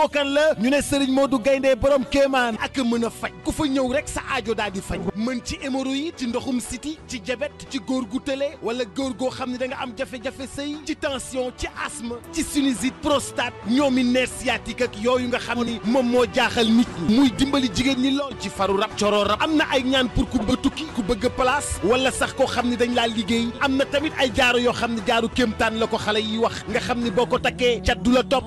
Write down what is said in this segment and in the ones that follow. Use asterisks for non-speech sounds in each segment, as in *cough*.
kookan la ñu ne Serigne Modou Gaynde borom kéemaan ak mën a faj ku fa ñëw rek sa ajo daal di faj mën ci hémorroïde ci ndoxum siti ci jabet ci góor gu tële wala góor goo xam ne danga am jafe-jafe sëy ci tension ci asthme ci sinusite prostate ñoomi nerf sciatique ak yooyu nga xam ni moom moo jaaxal nit ñi muy dimbali jigéen ñi lool ci faru rab coro rab am na ay ñaan pour ku tukki ku bëgg place wala sax koo xam ne dañ laa liggéey am na tamit ay jaaro yoo xam ne jaaru kéemtaan la ko xale yi wax nga xam ne boo ko takkee cat du la topp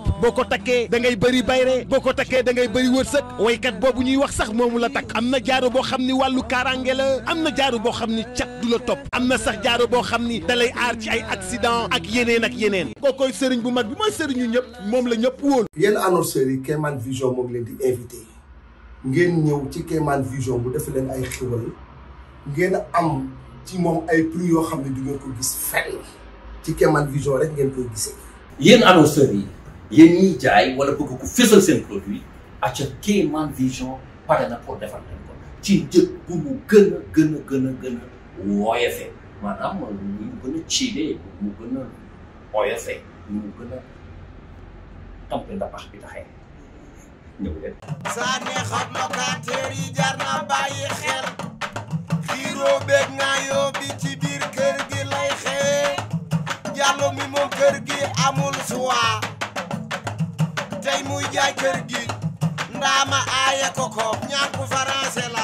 bëri bayre boo ko takkee da ngay bëri wërsëg waykat boobu ñuy wax sax moomu la takk am na jaaro boo xam ni wàllu kaaraange la am na jaaro boo xam ni cat du la topp am na sax jaaro boo xam ni dalay aar ci ay accident ak yeneen ak yeneen kookoy sëriñ bu mag bi mooy sëriñu ñëpp moom la ñëpp wóolu yéen annonceurs yi Kémane Vision moom leen di invité ngeen ñëw ci Kémane Vision bu def leen ay xiwal ngeen am ci moom ay prix yoo xam ne du ngeen ko gis fenn ci Kémane Vision rek ngeen koy gisee. yéen annonceurs yi yéen ñiy jaay wala bëgg ko fésal seen produit aca Kéemaan Vision pare na pour defar leen ko ci njëg bu mu gën a gën a gën a gën a wooyefee mu gën a ciidee mu gën a wooyefee mu gën a tampe ndabax bi taxee ñëw leen saa neexam locataire yi jar na bàyyi xel xiiroo beeg naayoo bi ci biir kër gi lay xewee jàllo mi moom kër gi amul suwaa tey muy jaay kër gi ndaama aaye ko ko ñaan ku faransé la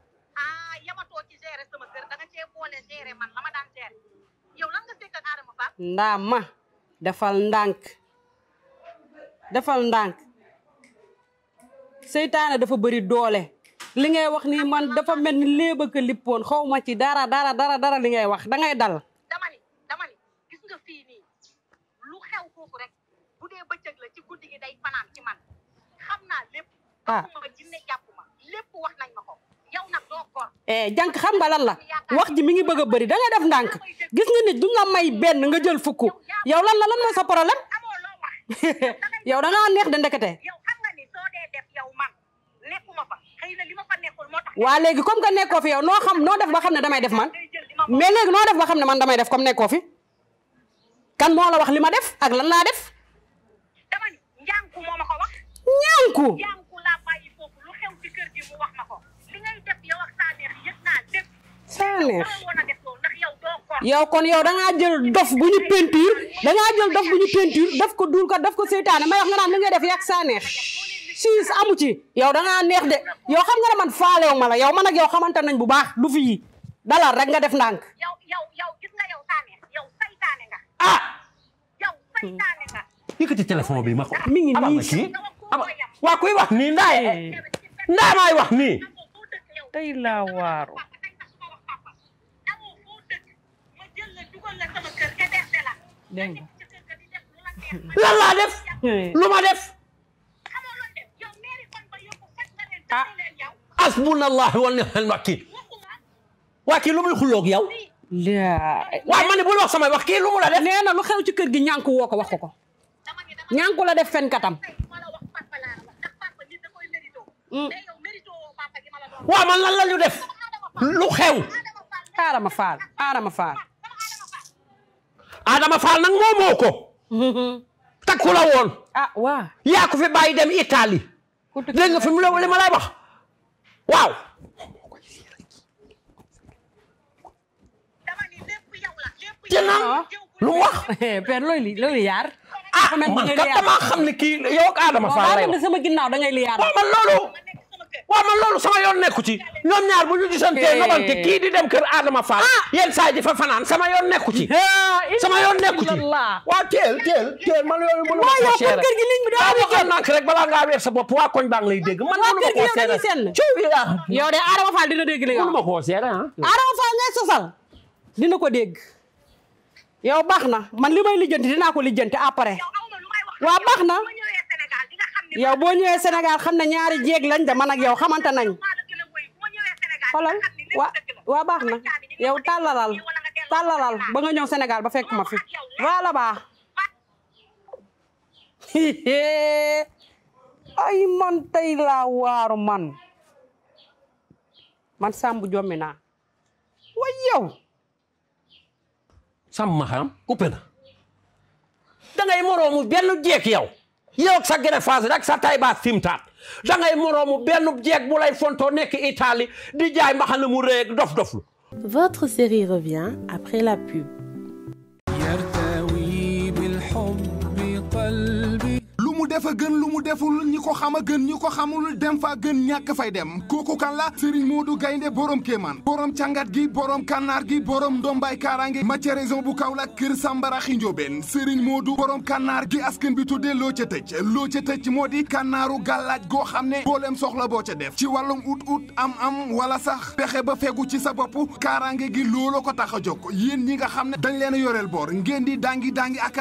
ah ma defal ndànk defal ndànk seytaane dafa bari doole li ngay wax nii man dafa mel ni léeba ka lippoon xaw ma ci dara dara dara li ngay wax da ngay dal. dama ni dama fii nii lu xew foofu rek ci guddi gi ah Eh, jànk xam nga lan la wax ji mi ngi bëgg a bëri da nga def ndànk gis nga nit du nga may benn nga jël fukk yow lan la lan mooy sa problème *laughs* yow da ngaa neex de ndekete. waa léegi comme que nekkoo fi yaw noo xam noo def ba xam ne damay def man mais léegi noo def ba xam ne man damay def comme nekkoo fi kan moo la wax li ma def ak lan laa def. ñànku. sans leer kon yow da jël dof bu ñu peinture da jël dof bu ñu peinture daf ko duul ko daf ko seytaane may wax nga naan li ngay def yàgg saaneex neex siis amu ci yow da neex de yow xam nga ne man faalew ma la yow man ak yow xamante nañ bu baax du fi dalal rek nga def ndànk. yow yow yow gis nga yow ah. yow saytaane nga. téléphone bi ma ko. mi ngi nii si waa kuy wax nii ndaay. ndaay maay wax nii. tey laa waaru. dégg nga *laughs* lan def *laughs* lu ma def ah asbunallah wa ni'mal wakiil waa kii lu muy xulloog yow waaw man ne bul wax samay wax kii lu mu la def nee na lu xew ci kër gi ñànku woo ko wax ko ko ñànku la def fen katam mm. waaw man lan la ñu def lu xew aarama faal ma faal Adama Fall nag moomoo ko. *laughs* takku la woon. ah waaw. fi bàyyi dem Italie. dégg nga fi mu li ma lay wax waaw. dina ah. lu wax. père loolu loolu yaar. ah man kat damaa xam ne kii yow Adama Fall lay ginnaaw da ngay man loolu. waaw man loolu sama yoon nekku ci ñoom ñaar bu ñu gisantee eh. nobante kii di dem kër Adama Fall ah! yenn saa ji fa fanaan sama yoon nekku ci sama yoon nekku ci waaw teel teel teel man loolu mënu ma ko seere kër gi liñ bi daa sa bopp waa koñ lay dégg man mënu ma koo seere yow de Adama Fall dina dégg li nga mënu ma koo seere ah. ngay sosal dina ko dégg yow baax na man li may lijjanti dinaa ko lijjanti après waaw baax na yow boo ñëwee senegal xam na ñaari jéeg lañ de man ak yow xamante nañ xoolal waa baax na yow tàllalal tàllalal ba nga ñëw Sénégal ba fekk ma fi voilà baax *laughs* ay man tey laa waaru man man Samb jommi naa way yow Samb ma xaram coupé na da ngay moroomu benn jéeg yow yow sa gere faas rek sa tay baa simtaat da ngay moroomu benn jeeg mu lay fontoo nekk Italie di jaay mbaxana mu rëy dof doflu Votre série revient après la pub. def a gën lu mu deful ñi ko xam a gën ñi ko xamul dem fa gën ñàkk fay dem kooku kan la moo du Gaynde borom Kéemaan borom càngat gi borom kànnaar gi borom ndombaay kaaraange maca raison bu kaw Kaolack kër Sambara xinjoobeen Serigne Modou borom kànnaar gi askan bi tuddee loo ca tëj loo ca tëj moo di kànnaaru gàllaaj goo xam ne booleem soxla boo ca def ci wàllum ut ut am am wala sax pexe ba fegu ci sa bopp kaaraange gi looloo ko tax a jóg yéen ñi nga xam ne dañ leen a yoreel boor a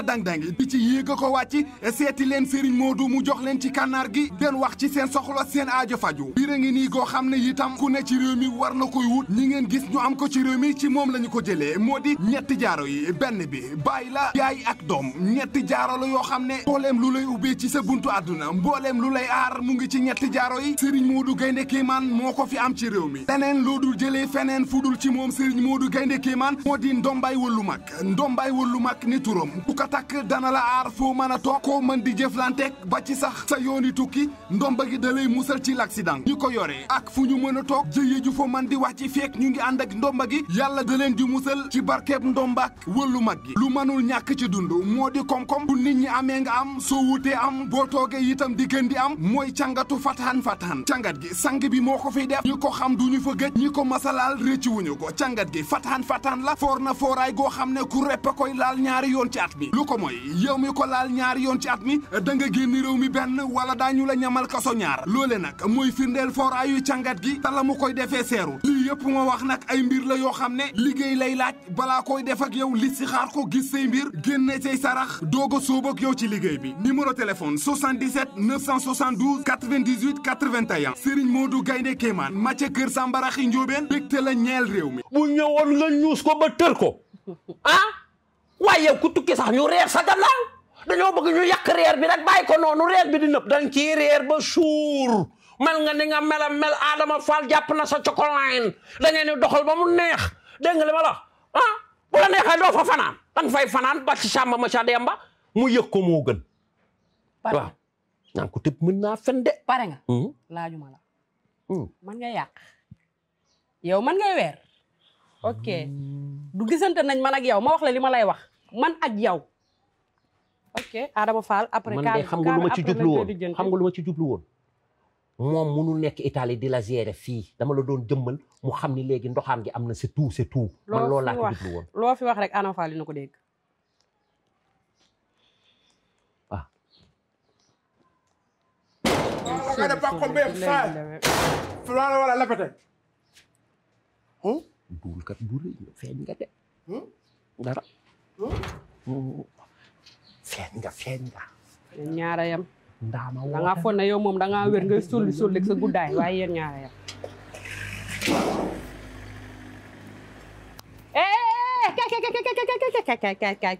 dang di ci yéeg a ko wàcc seeti Modou mu jox leen ci kànnaar gi den wax ci seen soxla seen aajo faju biir a ngi nii goo xam ne itam ku ne ci réew mi war na koy wut ñi ngeen gis ñu am ko ci réew mi ci moom la ñu ko jëlee moo di ñetti jaaro yi benn bi bàyyi la yaay ak doom ñetti jaaro la yoo xam ne mbooleem lu lay ubbee ci sa buntu àdduna mbooleem lu lay aar mu ngi ci ñetti jaaro yi Serigne Modou Gaynde Kéemaan moo ko fi am ci réew mi leneen loo dul jëlee feneen fu dul ci moom Serigne Modou Gaynde Kéemaan moo di ndombaay lu mag ndombaay lu mag ni turam ku ko takk dana la aar foo mën a toog koo mën di jëflante teg ba ci sax sa yoon yi tukki ndomba gi da lay musal ci l'accident ñi ko yoree ak fu ñu mën a toog jëye ju fa man di wax ci feek ñu ngi ànd ak ndomba gi yàlla da leen di musal ci barkeeb ndombaak wëllu mag gi lu manul ñàkk ci dund moo di koom-koom bu nit ñi amee nga am soo wutee am boo toogee itam di gën di am mooy càngatu fataan fataan cangat gi sang bi moo ko fi def ñi ko xam duñu fa gëj ñi ko masalaal rëcc wuñu ko càngat gi fataan fataan la foor na fooraay goo xam ne ku repp koy laal ñaari yoon ci at mi ko mooy yow mi ko laal ñaari yoon ci at mi génn réew mi benn wala daañu la ñamal kaso ñaar loole nag mooy firndeel fooraayu càngat gi te la mu koy defee seeru lii yëpp ma wax nag ay mbir la yoo xam ne liggéey lay laaj balaa koy def ak yow li si xaar ko gis say mbir génne say sarax doog a sóob ak yow ci liggéey bi numéro téléphone 77 972 98 81 Serigne Modou Gaynde Kéemaan Mathia Kër Sambaraxi Njóobeen dégte la ñeel réew mi bu ñëwoon nga ñuus ko ba tër ko ah waaye yow ku tukki sax ñu reer sa gannaaw dañoo bëgg ñu yàq reer bi rek bàyyi ko noonu reer bi di nëb dañ ciy reer ba suur mel nga ni nga mel mel Adama Fall jàpp na sa chocoline da doxal ba mu neex dégg nga la ah bu la neexee doo fa fanaan danga fay fanaan ba ci sàmba ma ca demba mu yëg ko moo gën. waaw naa ko pare nga. Hmm? laajuma man hmm. nga yàq yow man ngay weer. ok hmm. du gisante nañ man ak yow ma wax la li ma lay wax man ak yow. ok Adama Fall après. man de xam nga lu ma ci jublu woon xam nga lu ci jublu woon. moom nekk Italie di la gérer fii dama la doon jëmmal mu xam ni léegi ndoxaan gi am na c'est tout c'est tout. man loolu laa ko loo fi wax rek Adama Fall dina ko dégg. Ah. feet nga feet nga yéen ñaara yam yow moom danga ngaa wér ngay sulli sa guddaay waaye yéen ñaara yam kaay kaay kaay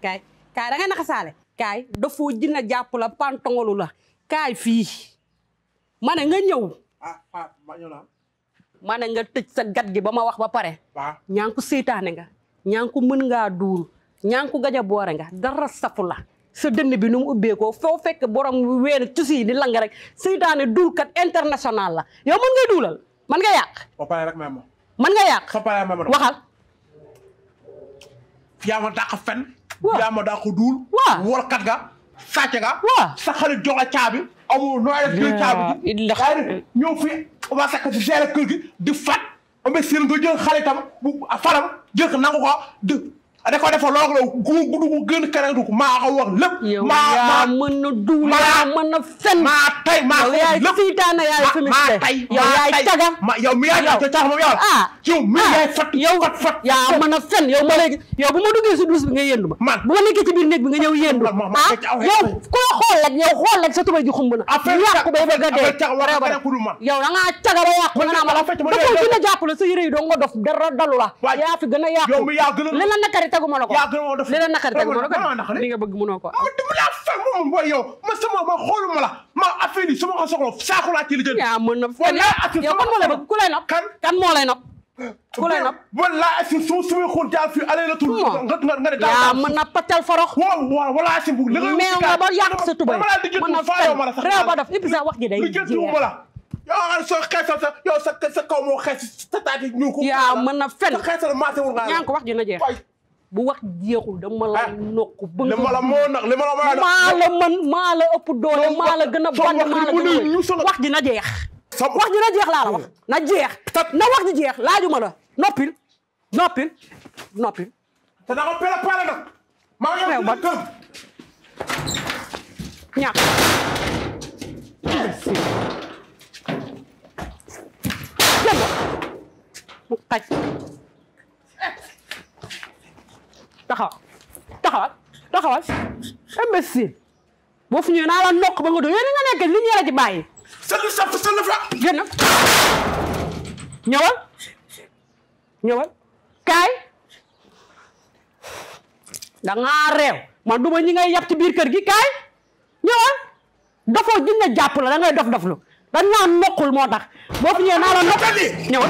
kaay naxasaale kaay dafoo jina jàpp la pantongolu la kaay fii mane nga ñëw ma ne nga tëj sa gat gi ba ma wax ba pare ñaa ngi seytaane nga ñaa mën nga duul ñaa ngi gaja boore nga dara safu la sa dënn bi nu mu ubbeekoo foo fekk borom weenu tusi di lang rek seytaane duulkat international la yow mën ngay duulal mën nga yàq. Fapal rek maama. mën yàq Fapal maama waxal. fen. waaw yaa ma dàq duul. waaw warkat ga sàcc ga. waaw sa xarit jox la caabi. amul nooy def caabi ji. waaw ñëw fi waa sakk si gérer kër di fat. am na nga jël xaritam bu faram jël nangu ko di. Ah, da ko defal lool la gu gu gën karantu wax lépp. maa maa mën na duul yaa mën a fen. maa tay tay yow yaay caga. yow mi yaay caga caga moom yow. mën a fen yow ma bu ma duggee si douche bi nga yëndu ma. bu ma nekkee ci biir bi nga ñëw yëndu. ah yow koo xool rek yow xool rek sa tubay ji xumb na. yàqu bay bëgg a dee. yow da ngaa caga ba yàqu nga naa ma la. a jàppale sa yére yi doo dof dara dalu la. fi gën a yàqu teguma la ko li la naqari teguma la ko li nga bëgg mënoo ko ah, dama laa fekk moom booy yow ma sama ma xooluma la ma affaire yi sama ko soxla saaku laa ci li yaa mën na yow kan moo lay bëgg ku lay nopp kan kan moo lay nopp ku lay nopp wala si su sumay xool jaar fii allé la tur nga nga yaa mën na patal forox waaw waaw wala si bu mais nga ba yàq sa tubay mën na réew ba daf ëpp sa wax ji day yow soo xeesal sa yow sa sa kaw moo xees sa taati ñu ko yaa mën na fen xeesal maase wul nga ñaan ko wax ji na jeex bu wax jeexul da la ah, nokku bëgg li ma la moo ma la moo maa doole maa gën a bon maa gën a jeex wax ji na jeex laa la wax hmm. na jeex na wax ji jeex laajuma la noppil noppil noppil te da ko préparé nag maa ba tëm ñàkk dégg nga mu taxawal taxawal taxawal imbécile boo fu ñëwee naa la nokk ba nga doon yow ni nga nekk li ñu la ci bàyyi. sëñ a ñëwal ñëwal kaay da ngaa réew man duma ñi ngay yàpp ci biir kër gi kaay ñëwal dofoo gis nga jàpp da ngay dof dof lu dañ naa nokkul moo tax boo fi ñëwee naa la nokk ñëwal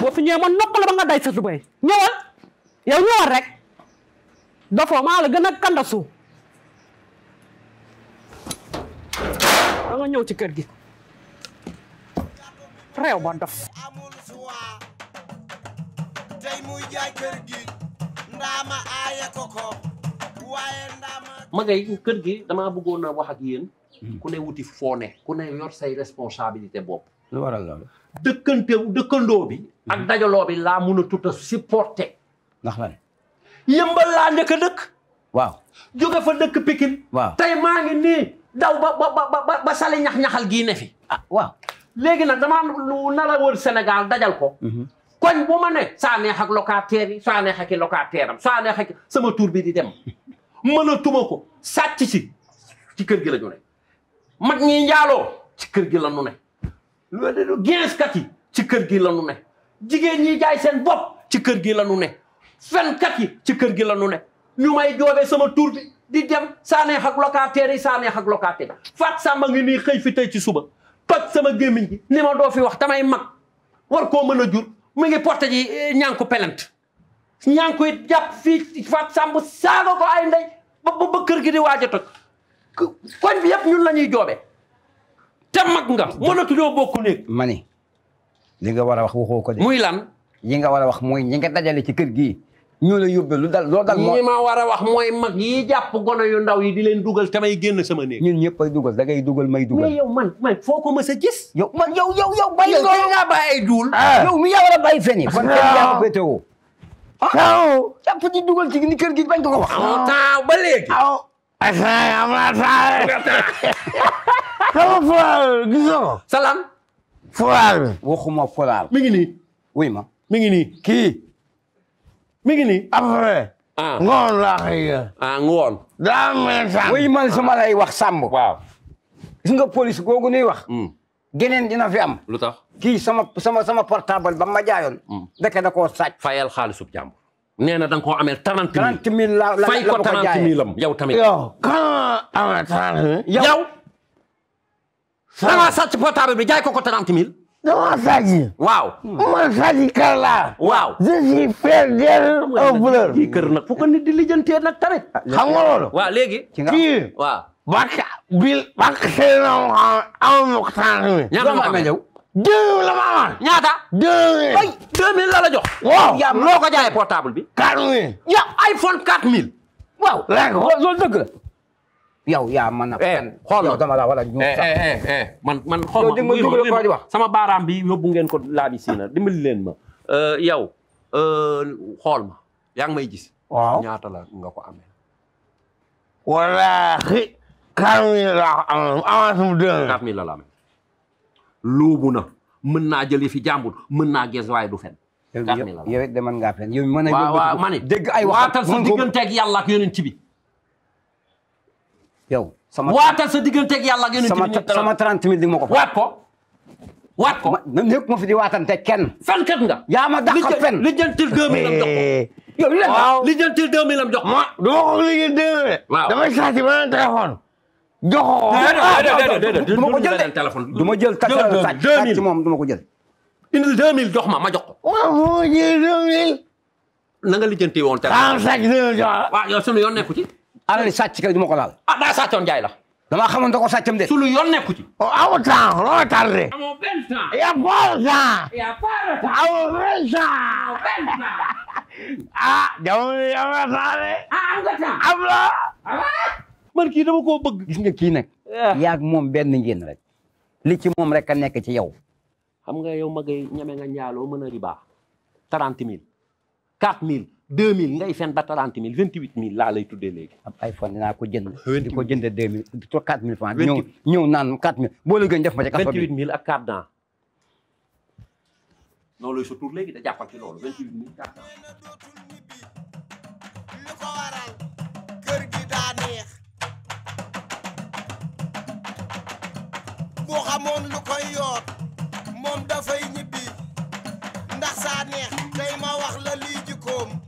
boo fi ñëwee ma nokk ba nga day sa tubay ñëwal yow ñëwal rek. dafoo maa la gën a kandasu a nga ñëw ci kër gi réew ba dof tey muy jaay kër gi ndaama aaye ko ko waaye ndaama magay kër gi damaa bëggoon a wax ak yéen hmm. ku ne wuti foone ku ne yor say responsabilité bopp lu waral loolu bi ak hmm. dajaloo bi laa mun a tuta supporté ndax yëmbal laa njëkk dëkk. waaw fa dëkk Pikine. waaw tey maa ngi nii daw ba ba ba ba sali ñax-ñaxal gii ne fi. ah waaw léegi nag damaa lu nar a wër dajal ko. Mhm. koñ boo ma ne. saa neex ak locataire yi saa neex ak i locataire am saa neex sama tuur bi di dem ma *laughs* mënatuma ko sàcc si ci kër gi la ñu ne. mag ñi njaaloo ci kër gi la ñu ne. lu yi ci kër gi la ñu ne. jigéen ñi jaay seen bopp ci kër gi la ñu ne. fenkat yi ci kër gi la nu ne ñu may joobee sama tur bi di dem saa neex ak locataire yi saa neex ak locataire faat sàmba ngi nii xëy fi tey ci suba toj sama gémmiñ gi ni ma doo fi wax tamay mag war koo mën a jur mu ngi porté ji eh, ñànku pelent ñànku it jàpp fii faat sàmb saaga ay ndey ba kër gi di a toj koñ bi yëpp ñun la ñuy joobee te mag nga mënatuñoo bokku néeg nga war a wax waxoo ko de muy lan yi nga war a wax mooy ñi nga dajale ci kër gi ñoo la yóbbee lu dal loo dal moo ñi ma war wax mooy mag yi jàpp gone yu ndaw yi di leen dugal te may génn sama néeg ñun ñëpp dugal da dugal may dugal mais yow man man foo ko mës a gis yow man yow yow yow bàyyi loolu yow nga bàyyi ay duul ah. yow mi yaa war a bàyyi fen yi fan kenn yaa ah. Ah. di dugal ci ni kër gi bañ ko ko wax taaw ba léegi aw am na *laughs* sama fulaar gis nga ma mi kii mi ngi nii après. ah ngoon laa xëy ah, ngoon. daa mel man sama lay wax sàmm. waaw. gis nga police googu nuy wax. Hmm. geneen dina fi am. lu tax kii sama sama sama portable ba ma jaayoon. Hmm. ndeke da koo sàcc. fayal xaalisub jàmbur. nee na da nga koo amee trente mille. trente mille la la fay ko trente mille am portable bi jaay ko ko trente mille. dama Sadji. waaw. man Sadji Kara laa. waaw. je suis frère d'elle au fleur. kii kër nag fu ko nit di lijjantee nag tare. xam nga loolu. waaw léegi. ci nga waaw. barka bil barka seen am um am ma ko sant mi. ñaata ma amee ñëw. deux mille la ma amal. ñaata. deux mille. ay deux mille la la jox. waaw yaa loo ko jaayee portable bi. quatre mille. ya iPhone quatre mille. waaw. léegi loolu dëgg la. yaw yaa mën a. xoolal dama la wala man man xool ma sama baaraam bi yóbbu ngeen ko laabi siina dimbali ma. yow xool ma yaa ngi may gis. ñaata la nga ko amee. wallaahi. quatre mille la ko amee avance mu deux mille. quatre mille la la amee. luubu naa jëlee fi jàmbur mën naa gees waaye du fen. quatre mille la la yow it de mën ngaa fen yow mën na. waaw waaw ma ne dégg ay wax waatal sa digganteeg yàlla ak yonent yow sama waatal sa digganteeg yàlla ak yonent bi sama trente mille di ma ko waat ko waat ko nekk ma fi di waatante kenn fenkat nga yaa ma dàq fen li jëntil deux mille am li jëntil deux mille am jox eh. du ma ko liggéey deux mille damay saati beneen téléphone ah, ah, ah, du ma ko jël de téléphone du ma jël deux mille moom du ma ko jël indil mille jox ma ma jox ko waaw moo jël deux mille na nga lijjanti woon téléphone waaw yow sunu yoon nekku ci alali sàcc ka du ma ko laal. ah daa sàccoon jaay la. damaa xamoon da ko sàccam de. su lu yoon nekku ci. oh aw temps loo tardé. amoo a pas de temps. y' a pas de ah, ah, ah, man kii dama koo bëgg. gis nga kii nag. yaag moom benn ngeen rek. li ci moom rek a nekk ci yow. xam nga yow magay ñeme nga ñaaloo mën a riba. trente mille quatre mille. deux mille ngay fen ba trente mille laa lay tuddee léegi. ab iPhone dinaa ko jënd. di ko jëndee deux mille to quatre mille francs. ñëw ñëw naan quatre mille boo la gën def ma ca. vingt ak quatre dents. noonu lay sa tur léegi da jàppal ci loolu vingt huit mille quatre dents. lu ko waral kër gi daa neex. boo xamoon lu koy yoot moom dafay ñibbi ndax saa neex tey ma wax la lii jikkoom.